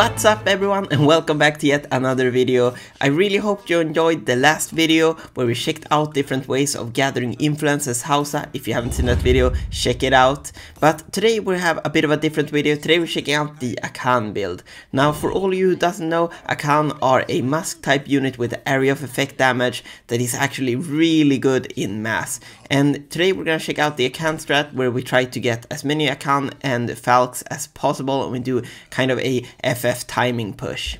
What's up everyone and welcome back to yet another video. I really hope you enjoyed the last video where we checked out different ways of gathering influences, Hausa. If you haven't seen that video, check it out. But today we have a bit of a different video. Today we're checking out the Akan build. Now for all you who doesn't know, Akan are a mask type unit with area of effect damage that is actually really good in mass. And today we're gonna check out the Akan strat where we try to get as many Akan and Falx as possible and we do kind of a FF FF timing push.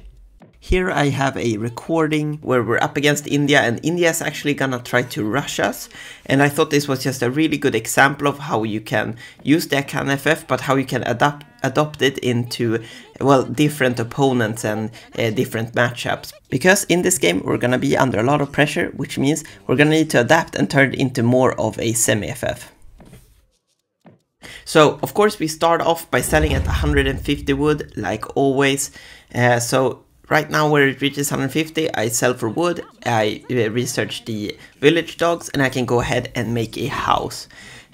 Here I have a recording where we're up against India and India is actually gonna try to rush us. And I thought this was just a really good example of how you can use the Akan FF, but how you can adapt adopt it into, well, different opponents and uh, different matchups. Because in this game we're gonna be under a lot of pressure, which means we're gonna need to adapt and turn it into more of a semi-FF. So of course we start off by selling at 150 wood like always. Uh, so Right now where it reaches 150, I sell for wood, I uh, research the village dogs and I can go ahead and make a house.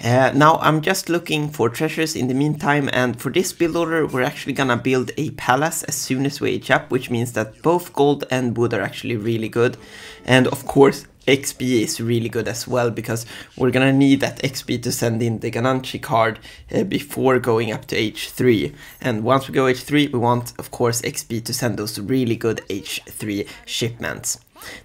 Uh, now I'm just looking for treasures in the meantime and for this build order we're actually gonna build a palace as soon as we age up which means that both gold and wood are actually really good and of course XP is really good as well because we're gonna need that XP to send in the Gananchi card uh, before going up to H3 and once we go H3 we want of course XP to send those really good H3 shipments.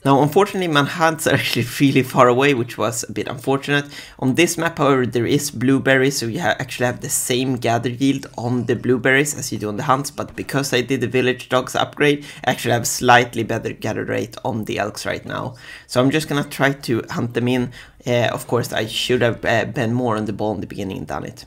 Now, unfortunately, Manhattan's are actually really far away, which was a bit unfortunate. On this map, however, there is blueberries, so you ha actually have the same gather yield on the blueberries as you do on the hunts, but because I did the village dogs upgrade, I actually have slightly better gather rate on the elks right now. So I'm just gonna try to hunt them in. Uh, of course, I should have uh, been more on the ball in the beginning and done it.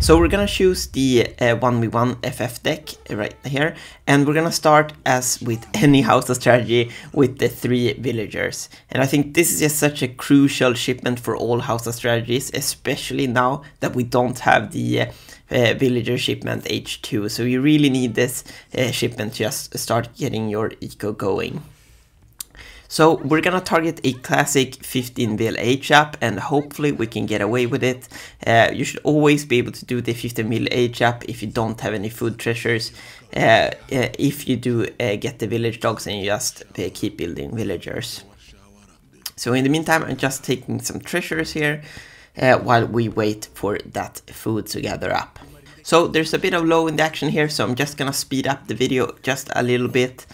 So we're gonna choose the uh, 1v1 FF deck uh, right here, and we're gonna start as with any house of strategy with the three villagers. And I think this is just such a crucial shipment for all house of strategies, especially now that we don't have the uh, uh villager shipment H2. So you really need this uh, shipment to just start getting your eco going. So we're gonna target a classic 15 age HAP and hopefully we can get away with it. Uh, you should always be able to do the 15 age HAP if you don't have any food treasures. Uh, uh if you do uh, get the village dogs and you just uh, keep building villagers. So in the meantime I'm just taking some treasures here while we wait for that food to gather up. So there's a bit of low in the action here, so I'm just gonna speed up the video just a little bit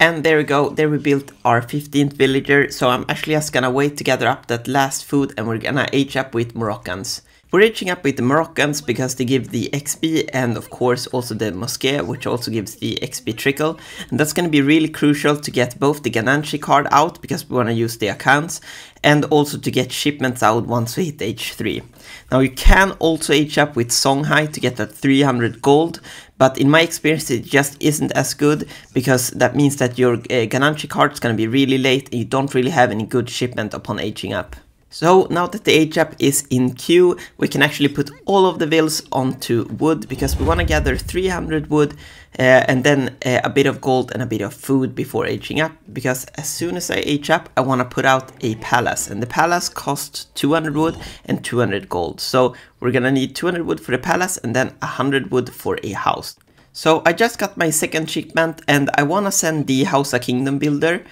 and there we go, there we built our 15th villager. So I'm actually just gonna wait to gather up that last food and we're gonna age up with Moroccans. We're reaching up with the Moroccans because they give the XP and of course also the Mosque which also gives the XP trickle and that's going to be really crucial to get both the Gananchi card out because we want to use the accounts and also to get shipments out once we hit H3. Now you can also H up with Songhai to get that 300 gold but in my experience it just isn't as good because that means that your uh, card is going to be really late and you don't really have any good shipment upon aging up. So now that the up is in queue, we can actually put all of the vills onto wood because we want to gather 300 wood uh, and then uh, a bit of gold and a bit of food before aging up because as soon as I age up I want to put out a palace and the palace costs 200 wood and 200 gold. So we're gonna need 200 wood for the palace and then 100 wood for a house. So I just got my second shipment and I want to send the Hausa Kingdom Builder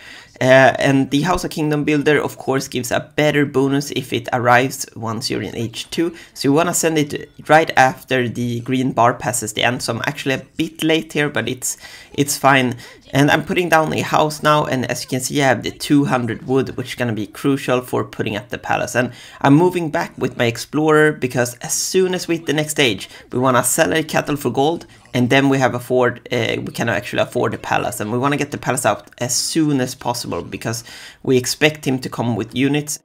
uh, and the House of Kingdom Builder, of course, gives a better bonus if it arrives once you're in H2. So you want to send it right after the green bar passes the end. So I'm actually a bit late here, but it's it's fine. And I'm putting down a house now, and as you can see, I have the 200 wood, which is gonna be crucial for putting up the palace. And I'm moving back with my explorer, because as soon as we hit the next stage, we wanna sell our cattle for gold, and then we have afford, uh, we can actually afford the palace. And we wanna get the palace out as soon as possible, because we expect him to come with units,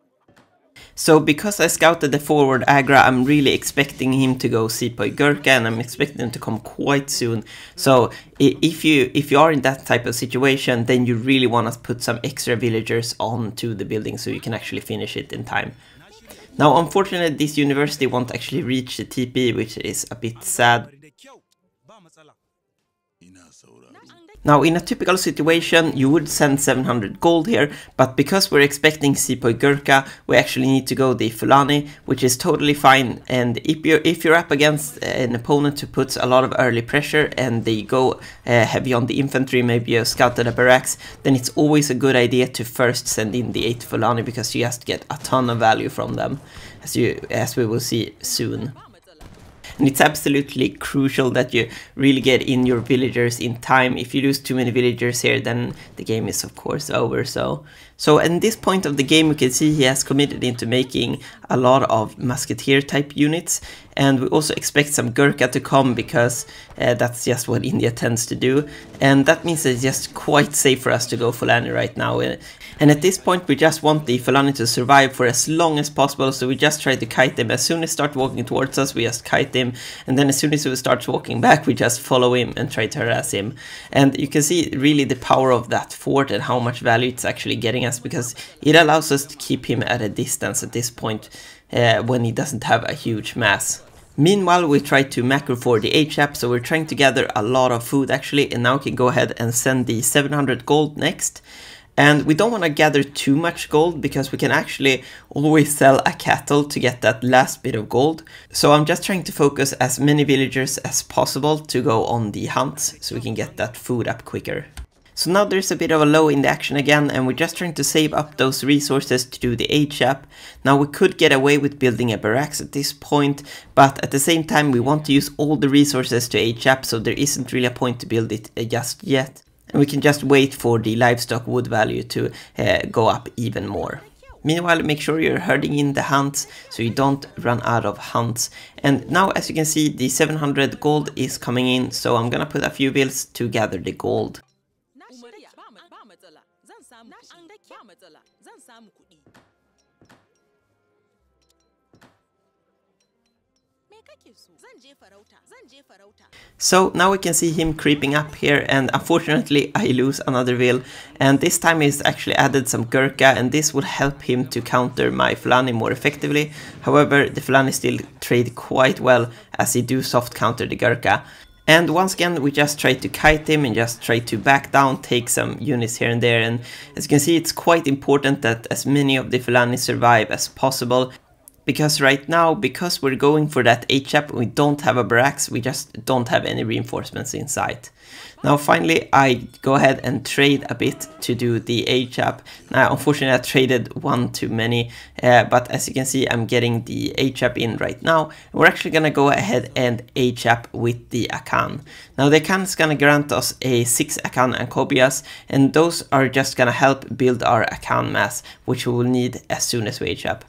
so because I scouted the forward Agra, I'm really expecting him to go Sepoy Gurkha and I'm expecting him to come quite soon. So if you if you are in that type of situation, then you really want to put some extra villagers onto the building so you can actually finish it in time. Now unfortunately this university won't actually reach the TP, which is a bit sad. Now in a typical situation you would send 700 gold here, but because we're expecting Sepoy Gurkha we actually need to go the Fulani, which is totally fine and if you're, if you're up against uh, an opponent who puts a lot of early pressure and they go uh, heavy on the infantry, maybe a scout at a barracks, then it's always a good idea to first send in the 8 Fulani because you just get a ton of value from them, as, you, as we will see soon. And it's absolutely crucial that you really get in your villagers in time. If you lose too many villagers here, then the game is of course over. So so at this point of the game, we can see he has committed into making a lot of musketeer type units. And we also expect some Gurkha to come because uh, that's just what India tends to do. And that means it's just quite safe for us to go Fulani right now. Uh, and at this point, we just want the Fulani to survive for as long as possible. So we just try to kite them. As soon as start walking towards us, we just kite him. And then as soon as he starts walking back, we just follow him and try to harass him. And you can see really the power of that fort and how much value it's actually getting because it allows us to keep him at a distance at this point uh, when he doesn't have a huge mass. Meanwhile, we try to macro for the HAP, so we're trying to gather a lot of food actually, and now we can go ahead and send the 700 gold next. And we don't want to gather too much gold because we can actually always sell a cattle to get that last bit of gold. So I'm just trying to focus as many villagers as possible to go on the hunt so we can get that food up quicker. So now there's a bit of a low in the action again and we're just trying to save up those resources to do the HAP. Now we could get away with building a barracks at this point, but at the same time we want to use all the resources to HAP so there isn't really a point to build it uh, just yet. And we can just wait for the livestock wood value to uh, go up even more. Meanwhile, make sure you're herding in the hunts so you don't run out of hunts. And now as you can see, the 700 gold is coming in, so I'm gonna put a few bills to gather the gold. So now we can see him creeping up here and unfortunately I lose another wheel and this time he's actually added some Gurkha and this will help him to counter my Fulani more effectively. However, the Fulani still trade quite well as he do soft counter the Gurkha. And once again, we just try to kite him and just try to back down, take some units here and there. And as you can see, it's quite important that as many of the Fulani survive as possible because right now, because we're going for that HCAP, we don't have a barracks, we just don't have any reinforcements in sight. Now finally I go ahead and trade a bit to do the HCAP. Now unfortunately I traded one too many, uh, but as you can see I'm getting the HCAP in right now. we're actually gonna go ahead and HCAP with the Akan. Now the Akan is gonna grant us a 6 Akan and Kobias, and those are just gonna help build our Akan mass, which we will need as soon as we HCAP.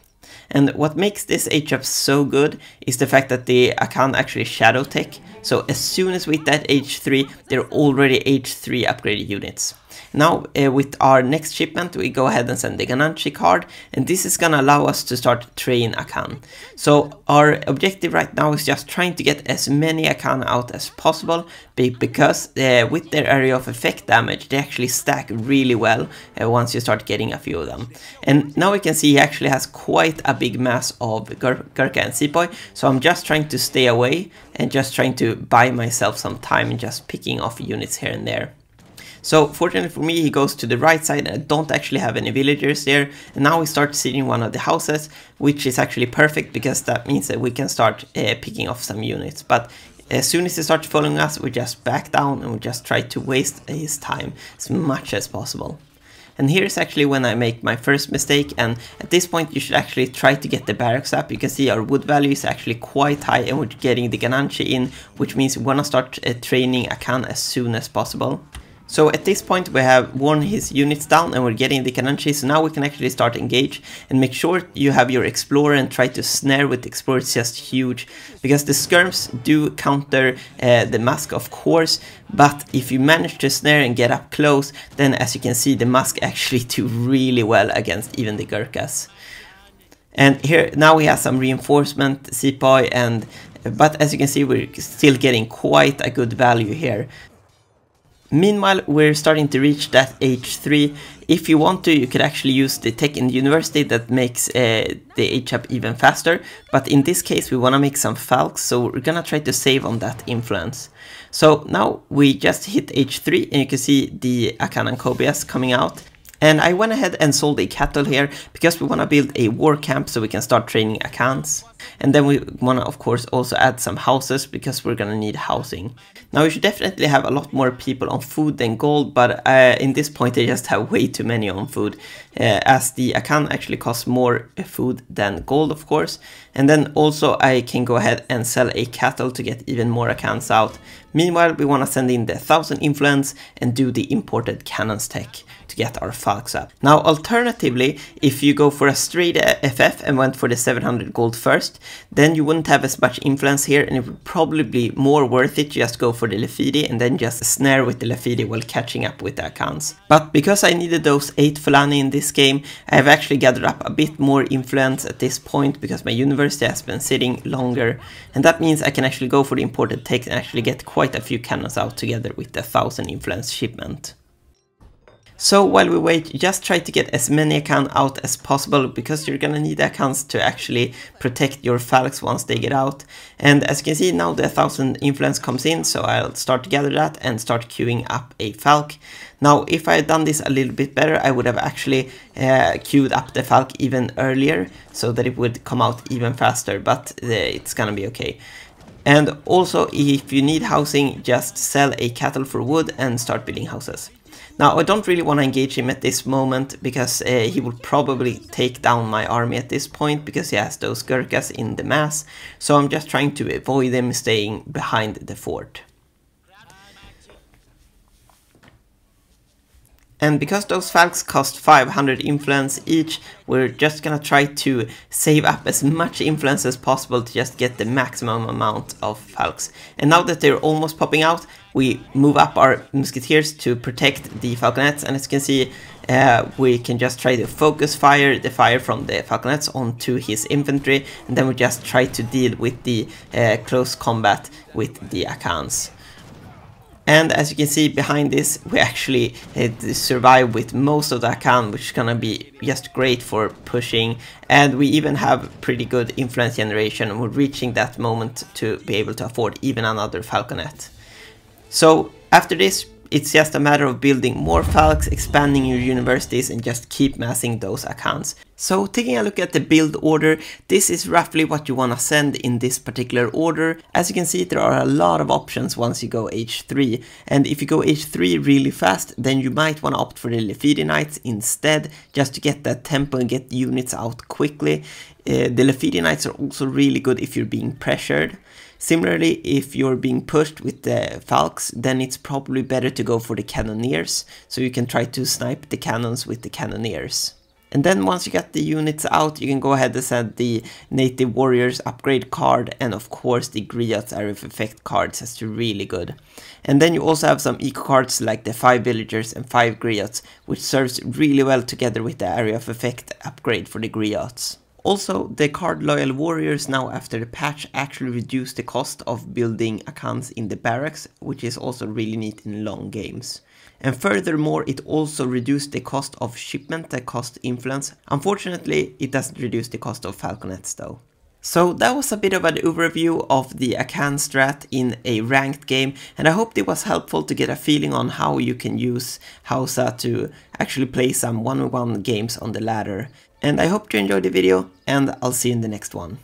And what makes this HF so good is the fact that the Akan actually shadow tech, so as soon as we hit that H3, they're already H3 upgraded units. Now uh, with our next shipment, we go ahead and send the Gananchi card, and this is gonna allow us to start training Akan. So our objective right now is just trying to get as many Akan out as possible, because uh, with their area of effect damage, they actually stack really well uh, once you start getting a few of them. And now we can see he actually has quite a big mass of Gur Gurkha and Sepoy, so I'm just trying to stay away and just trying to buy myself some time and just picking off units here and there. So fortunately for me, he goes to the right side and I don't actually have any villagers there. And now we start seeing one of the houses, which is actually perfect because that means that we can start uh, picking off some units. But as soon as he starts following us, we just back down and we just try to waste his time as much as possible. And here's actually when I make my first mistake and at this point you should actually try to get the barracks up. You can see our wood value is actually quite high and we're getting the Gananchi in, which means we wanna start uh, training Akan as soon as possible. So at this point we have worn his units down and we're getting the Kananchi, so now we can actually start engage and make sure you have your Explorer and try to snare with Explorer, it's just huge. Because the Skirms do counter uh, the Mask of course, but if you manage to snare and get up close, then as you can see the Mask actually do really well against even the Gurkhas. And here now we have some reinforcement, sepoy and but as you can see we're still getting quite a good value here Meanwhile, we're starting to reach that age 3. If you want to, you could actually use the tech in the university that makes uh, the HAP even faster. But in this case, we want to make some falcs, so we're going to try to save on that influence. So now we just hit H3 and you can see the Akan and Kobias coming out. And I went ahead and sold a cattle here because we want to build a war camp so we can start training Akans. And then we want to of course also add some houses because we're going to need housing. Now we should definitely have a lot more people on food than gold, but uh, in this point they just have way too many on food uh, as the account actually costs more food than gold of course. And then also I can go ahead and sell a cattle to get even more accounts out. Meanwhile we want to send in the 1000 influence and do the imported cannons tech to get our falcons up. Now alternatively if you go for a straight FF and went for the 700 gold first first, then you wouldn't have as much influence here and it would probably be more worth it just go for the Lefidi and then just snare with the Lefidi while catching up with the accounts. But because I needed those 8 Fulani in this game, I have actually gathered up a bit more influence at this point because my university has been sitting longer and that means I can actually go for the imported text and actually get quite a few cannons out together with the 1000 influence shipment. So while we wait, just try to get as many accounts out as possible because you're gonna need accounts to actually protect your falcons once they get out. And as you can see now the 1000 influence comes in so I'll start to gather that and start queuing up a Falc. Now if I had done this a little bit better I would have actually uh, queued up the Falc even earlier so that it would come out even faster but uh, it's gonna be okay. And also if you need housing just sell a cattle for wood and start building houses. Now, I don't really want to engage him at this moment, because uh, he will probably take down my army at this point, because he has those Gurkhas in the mass, so I'm just trying to avoid him staying behind the fort. And because those falcons cost 500 influence each, we're just gonna try to save up as much influence as possible to just get the maximum amount of falcons. And now that they're almost popping out, we move up our musketeers to protect the falconets. And as you can see, uh, we can just try to focus fire the fire from the falconets onto his infantry. And then we just try to deal with the uh, close combat with the Akans. And as you can see behind this, we actually survive with most of the account, which is gonna be just great for pushing. And we even have pretty good influence generation, and we're reaching that moment to be able to afford even another Falconet. So after this, it's just a matter of building more Falcons, expanding your universities, and just keep massing those accounts. So taking a look at the build order, this is roughly what you want to send in this particular order. As you can see, there are a lot of options once you go H3. And if you go H3 really fast, then you might want to opt for the Lefidi Knights instead, just to get that tempo and get units out quickly. Uh, the Lefidi Knights are also really good if you're being pressured. Similarly, if you're being pushed with the Falks, then it's probably better to go for the Cannoneers, so you can try to snipe the cannons with the Cannoneers. And then once you get the units out, you can go ahead and send the Native Warriors upgrade card and of course the Griot's Area of Effect cards, that's really good. And then you also have some eco cards like the 5 Villagers and 5 Griots, which serves really well together with the Area of Effect upgrade for the Griots. Also, the card loyal warriors now after the patch actually reduced the cost of building accounts in the barracks, which is also really neat in long games. And furthermore, it also reduced the cost of shipment, the cost influence. Unfortunately, it doesn't reduce the cost of falconets though. So that was a bit of an overview of the Akan strat in a ranked game and I hope it was helpful to get a feeling on how you can use Hausa to actually play some one one -on -one games on the ladder. And I hope you enjoyed the video, and I'll see you in the next one.